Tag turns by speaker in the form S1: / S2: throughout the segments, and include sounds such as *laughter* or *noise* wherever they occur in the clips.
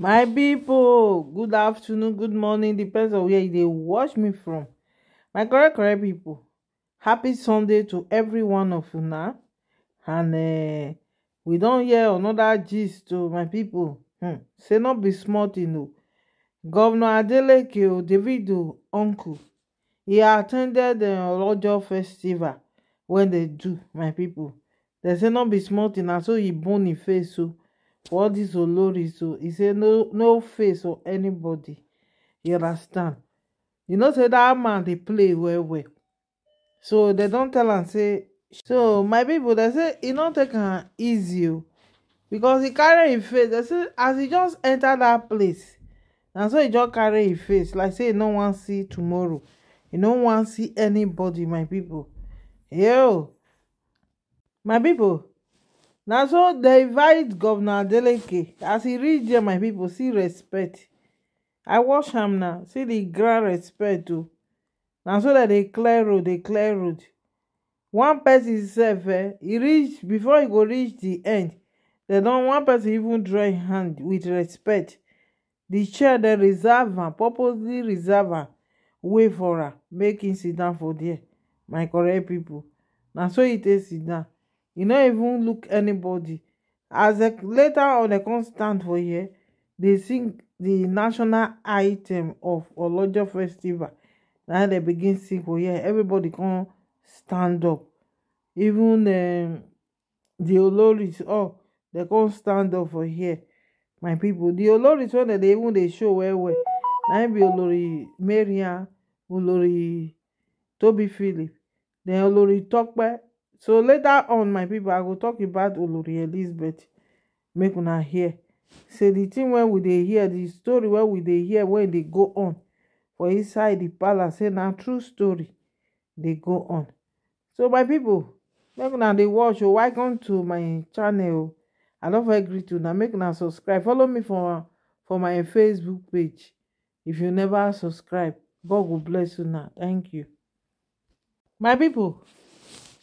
S1: my people, good afternoon good morning depends on where they watch me from my correct correct people. happy sunday to every one of you now. and uh, we don't hear another gist to my people. hmm say not be small tin o govnor adeleke davido uncle he attended the eh, olojo festival when they do my people. They say not be smart, tin na so e burn his face o what dis olori so He say no no face or anybody you understand you know say that man they play well well so they don't tell and say so my people, they say e don't take an easy oh. because he carry his face They say as he just enta that place and so he just carry his face like say e no one see tomorrow he no one see anybody my people, yo my people. Now so they invite governor adeleke as he reach there my people see respect i watch him now see the grand respect too. Oh. Now so that they clear road they clear road one person sef eh he reach before he go reach the end They don't one person even draw hand with respect The chair the reserve am purposely reserve am wait for her, make im sit down for there my correct people. Now so e take sit down You no even look anybody as dem later on dem come stand for here They sing the national item of olojo festival na they begin sing for here everybody can stand up even um, the oloris oh, they can't stand up for here my people. The oloris wey dem even they show where well Now im be olori Maria, olori Toby philip then olori tope so later on my people, i will talk about olori elizabeth make una hear say the thing wey we they hear the story wey we they hear when they e go on for inside the palace say now, true story They go on so my people, make una they watch o oh. welcome to my channel oh. i love forget greet Now make una subscribe follow me for for my facebook page if you never subscribe god will bless you. una thank you my people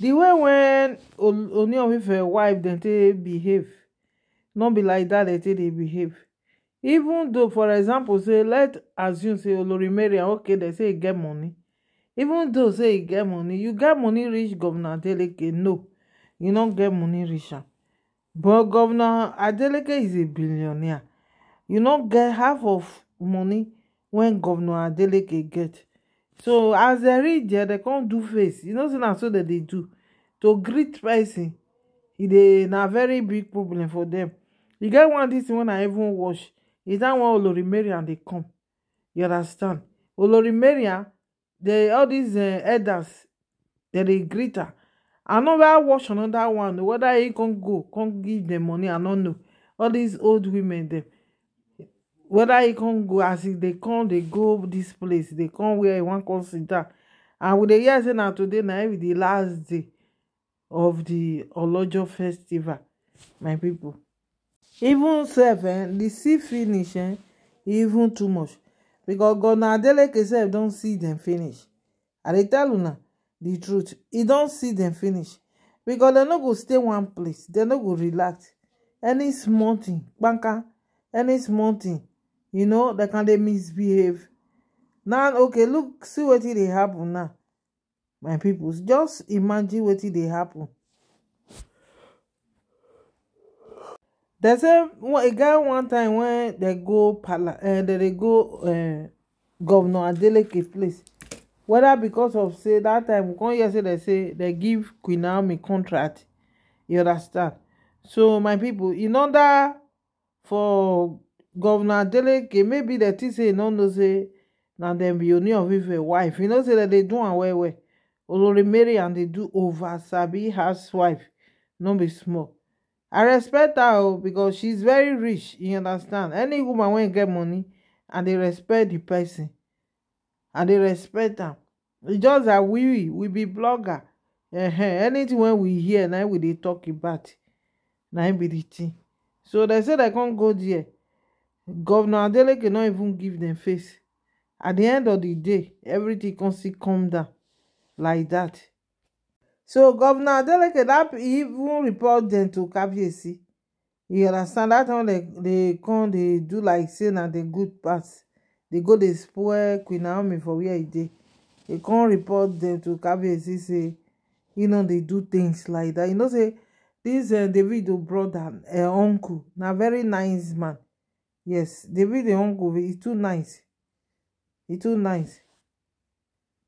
S1: the way when only of ife wife dem take behave not be like that. They they behave even though for example say let assume say olorimeria okay dem say e get money even though say e get money you get money rich governor adeleke no you no get money reach but governor adeleke is a billionaire you no get half of money when governor adeleke get so as dem reach there they can't do face you know say na so they do to greet person it is a very big problem for them. you get one this thing i even watch is that one olorimeria they come you understand olorimeria ah, dey all these uh, elders they dey greet her i know where I watch another one whether he come go can't give them money i don't know all these old women dem whether e can go as e dey come dey go this place They come where e want. come sit down and we dey hear say na today now im be last day of the olojo festival my people. even seven, eh di see finish eh even too much becos govnor adeleke sef don see them finish i dey tell una the truth e don't see them finish because dem no go stay one place dem no go relax any small thing, banker, any small thing you know dem can they misbehave now okay look see wetin dey happen now my people? just imagine wetin dey happen. dem say a guy one time when they go and eh, they go eh, governor adeleke place whether because of say that time we come hear say dem say dem give queen naomi contract you understand so my people, in order for Governor adeleke maybe dem think say e no know say na dem be oni of ife wife you know say dem dey do am well well olori and dey do over sabi housewife no be small i respect her o oh, becos she very rich you understand any woman wey get money i dey respect the person i dey respect am e just that we we be blogger -huh. anything wey we hear na we dey talk about na im be the thing. so dem say dem con go there govnor adeleke no even give dem face at di end of di day evritin still come down like dat so govnor adeleke dat even report dem to kabeisi e understand dat one dey dey dey do like say na di good part dey go dey spoil queen naomi for wia e dey e con report dem to kabeisi say e no dey do things like dat e know say dis eh, davido brother eh, uncle na very nice man. yes davido own go e too nice e too nice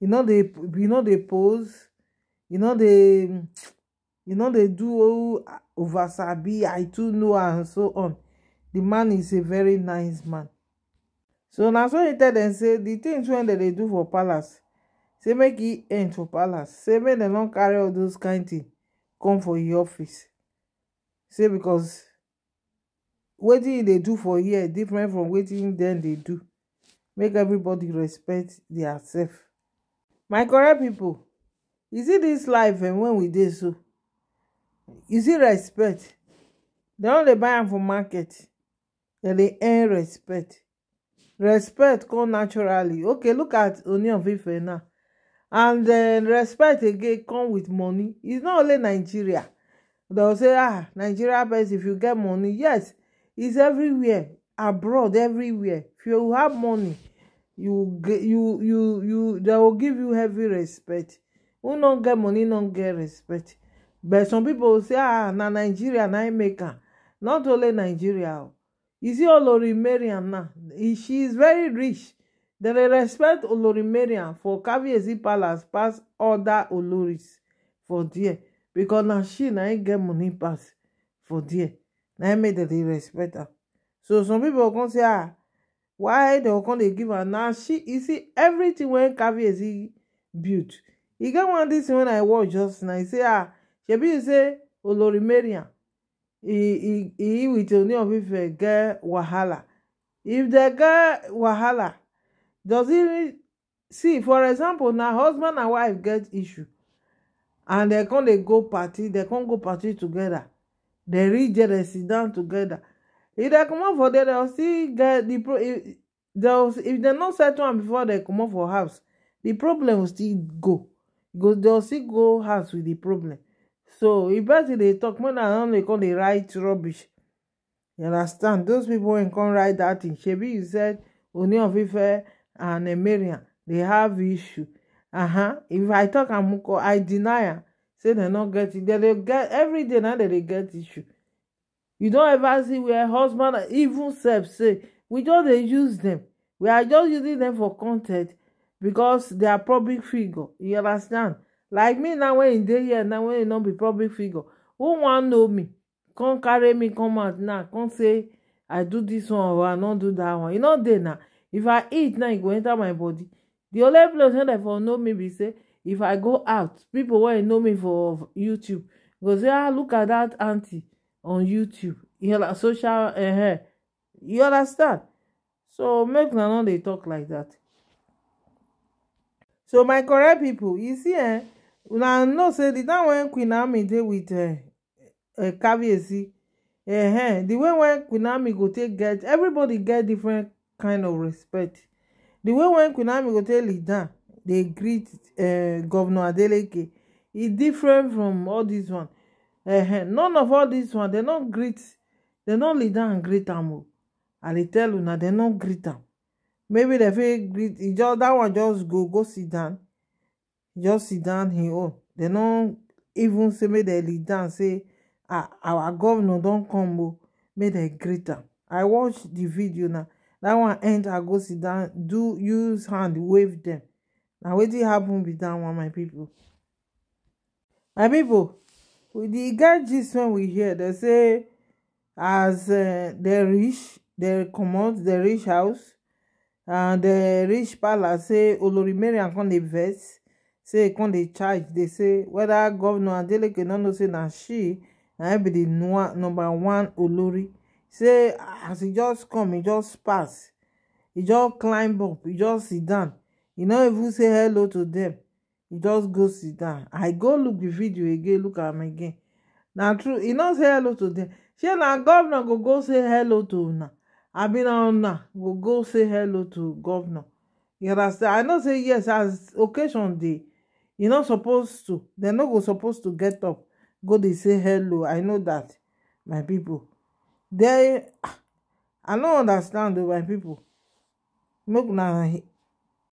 S1: e no dey pose e no dey do ah, over sabi i too know and so on The man is a very nice man so na so he tell dem say the tins wey dem dey do for palace say make e end for palace say make dem no carry all those kain tin come for e office say because wetin e dey do for here different from wetin dem dey do make everybody respect their self my correct people, you see this life and eh, when we dey so you see respect dem no dey buy am for market dem dey earn respect respect come naturally okay look at onion of now and then respect again come with money it's not only Nigeria dem say ah Nigeria person if you get money yes Is everywhere, abroad, everywhere. If you have money, you you you you they will give you heavy respect. Who don't get money, don't get respect. But some people say, ah, na Nigeria, na America. Not only Nigeria. You see Olori Mariam now. She is very rich. They respect Olori Mariam for Kabiyesi Palace pass other Oloris for there because na she na get money pass for there na im make dem dey respect am so some people come say ah why dem come dey give her now she you see everything wey Kabiyesi build e get one thing wey i watch just now He say ah shebi you say Olori Mariam e e with Ooni of Ife get wahala if dem get wahala does e see for example na husband and wife get issue and dem come dey go party dem come go party together dem reach there dem sit down togeda if dem comot for there dem still get the. pro if dem not set one before dem comot for house the problem go still go Because dem still go house with the problem so if person dey talk more na only call the right rubbish you understand those people wey come write that thing shebi you said oni of ife and emirian They have issue uh-huh if i talk, am i deny am say dem no get it dem dey get every day na dem dey get issue you don ever see where husband even sef say we just dey use dem we are just using dem for content because they are public figure you understand like me now when e dey here now when e no be public figure who wan know me come carry me come out now come say i do this one or i no do that one e no dey na if i eat now e go enter my body the only place wey dem for know me be say if i go out pipo wey know me for youtube go say ah look at that auntie on youtube *laughs* social uh, you understand so make na they talk like that. so my correct people, you see eh Now no say the time when queen Ami dey with caviarcy eh, eh The way when queen Ami go take get everybody get different kind of respect The way when queen Ami go take lead down dey greet eh, governor adeleke e different from all dis one -huh. none of all dis one They no greet They no lead and greet am o i dey tell una They no greet am maybe they fit greet e Just that one just go go sit down e just sit down him own they no even say make They lead am say "Ah, our governor don come o make they greet am i watch the video na That one end i go sit down do use hand wave them. what do happen with that one my people? my people, with the get when we hear they say as uh, they're rich, they comot the rich house and the rich palace say Mary come the vex say e come charge They say whether governor they no know say that she na be number one olori say as he just come he just pass he just climb up he just sit down e no even say hello to them, e just go sit down i go look the video again look at him again na true e no say hello to them. shey na governor go go say hello to una abi na una go go say hello to governor. you understand i know say yes as occasion dey You no suppose to dem no go suppose to get up go dey say hello i know that, my people. den i no understand o my people. make una